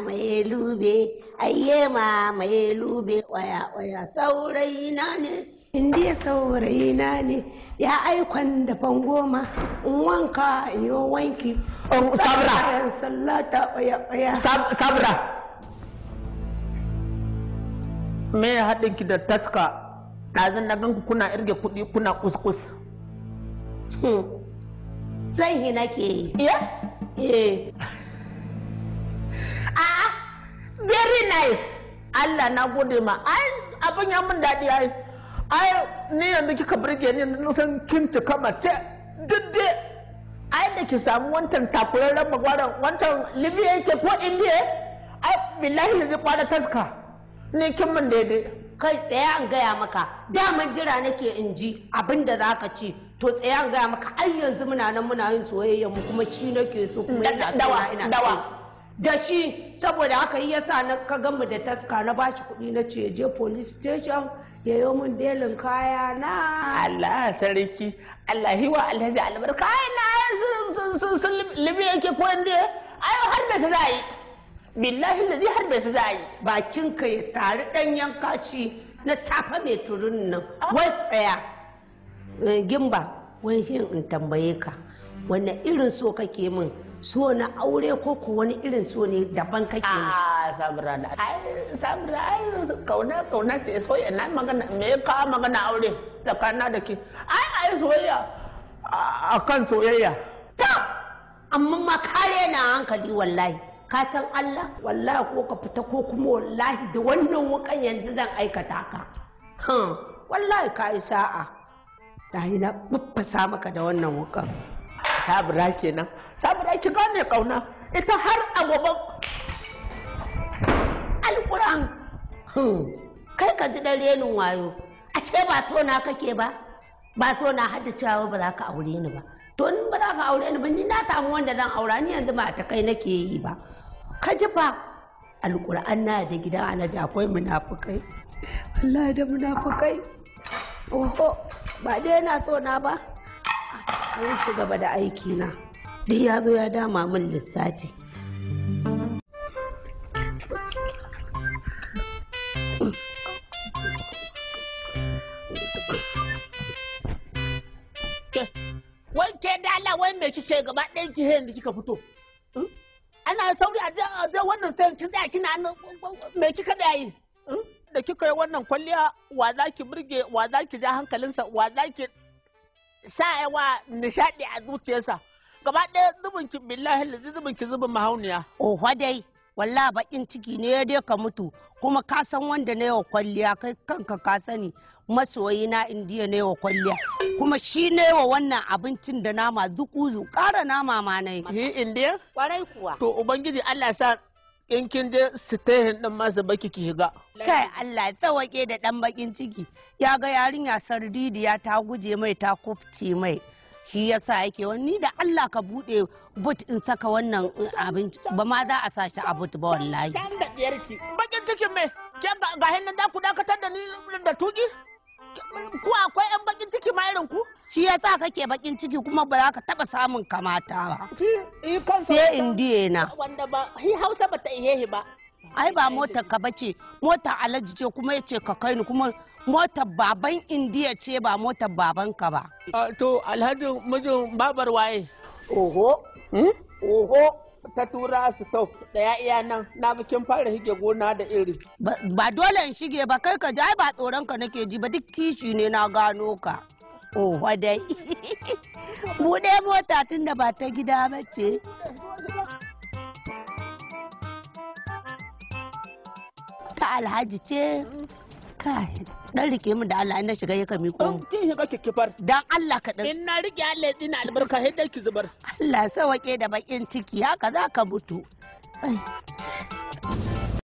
mamaye lube ayye mamaye lube waya waya saurayi na ne indiya saurayi na ne ya aikon da goma in wanka in yi wanki oh, sabra sallata waya waya sabra me ya haɗin ki da taska ɗazin na ganku kuna irge kuɗi kuna kuskus hmm. zan hina ke yi eh a'a very nice Allah na gode ma ai abin ya mun daɗi ai ai ni yanzu kika burge ni na san kin tuka mace duk dai ai da ki samu wancan takurarren magwaran wancan libya yake ko indiya ai billahi zai kwana taska ni kin mun daidai kai tsaya an gaya maka Da mun jira nake in ji abin da za ka ce to tsaya an gaya maka ai yanzu muna nan muna yin soyayya mu kuma shi nake so kuma yana dawa dawa da shi saboda haka yi yasa na ka mu da taska na bashi kuɗi na ce je police station ya yi min belin kaya na Allah sarki Allah hiwa alhaji albar kayan na sun libi yake ko inde ai har da su za yi billahi lazi har da su za yi bakin ka ya sari yanka kashi na safa mai turun nan ah. wai tsaya eh, gimba wani in tambaye ka wanne irin so kake min so na aure ko ko wani irin so ne daban kake ah, min a sabra da ai sabra ai kauna kauna ce soyayya na magana me ka magana aure tsakanin da ke ai ai soyayya akan soyayya ta amma ma kare na hankali wallahi ka san Allah wallahi ko ka fita ko kuma wallahi da wannan wukan yanzu zan aikata ka wallahi ka yi sa'a da na buffasa maka da wannan wukan sabira kenan sabira ki gane kauna ita har a gaban alƙur'an hmm, kai ka ji dan renin wayo a ce ba so na kake ba ba so na cewa ba za ka aure ni ba to in ba za ka aure ni ba ni na samu wanda zan aura ni yanzu ba ta kai nake yi ba ka ji fa alƙur'an na da gida a naji akwai munafukai Allah da munafukai oho ba dai na so na ba zan ci gaba da aikina duk ya zo ya dama min lissafi wanke da Allah wai me kike gaba ɗayan ki da kika fito hmm? ana sauri a da wannan sai kin da kina nan me kika da yi hmm? da kika yi wannan kwalliya wa zaki burge wa zaki ja hankalinsa wa zaki sa yawa nishaɗi a zuciyarsa gaba ɗaya zubin ki billahi zubin ki zubin mahauniya oho dai walla bakin ciki ne ya ka mutu kuma ka san wanda na yawa kwalliya kai kanka ka sani masoyi na indiya na yawa kwalliya kuma shi na yawa wannan abincin da nama zuku zu kara nama ma na yi indiya kwarai kuwa to ubangiji allah sa in kin je sitehin din masa baki ki ga. Kai Allah tsawake da dan bakin ciki. Ya ga yarinya sardidiya ta guje mai ta kufce mai. Shi yasa yake wani da Allah ka bude but in saka wannan uh, abinci ba ma za a sa shi a but ba wallahi. Tan da diyarki. Bakin cikin me? Ke ga hinnan da ku dakatar da ni da tuki? Ku akwai yan bakin ciki ma irin ku? shi ya sa kake bakin ciki kuma ba za ka taba samun kamata ba sai diye na wanda ba hi hausa ba ta ihe ba ai ba motar ka bace motar alhaji ce kuma ya ce ka kai ni kuma motar baban indiya ce ba motar baban ka ba to alhaji mijin babar waye oho hmm? oho ta tura su to da ya iya nan na bikin fara hige gona da iri. Ba dole in shige ba kai ka ji ai ba tsoron ka nake ji ba duk kishi ne na gano ka. Oho dai. Buɗe mota tun da ba ta gida mace Ta alhaji ce. Kai, dan rike mu da Allah ina shiga ya kami ko. Kin shiga kikifar. Dan Allah ka dan. ina rike Allah ina albarka sai dai ki zubar. Allah sawake da bakin ciki haka za ka mutu. Ai.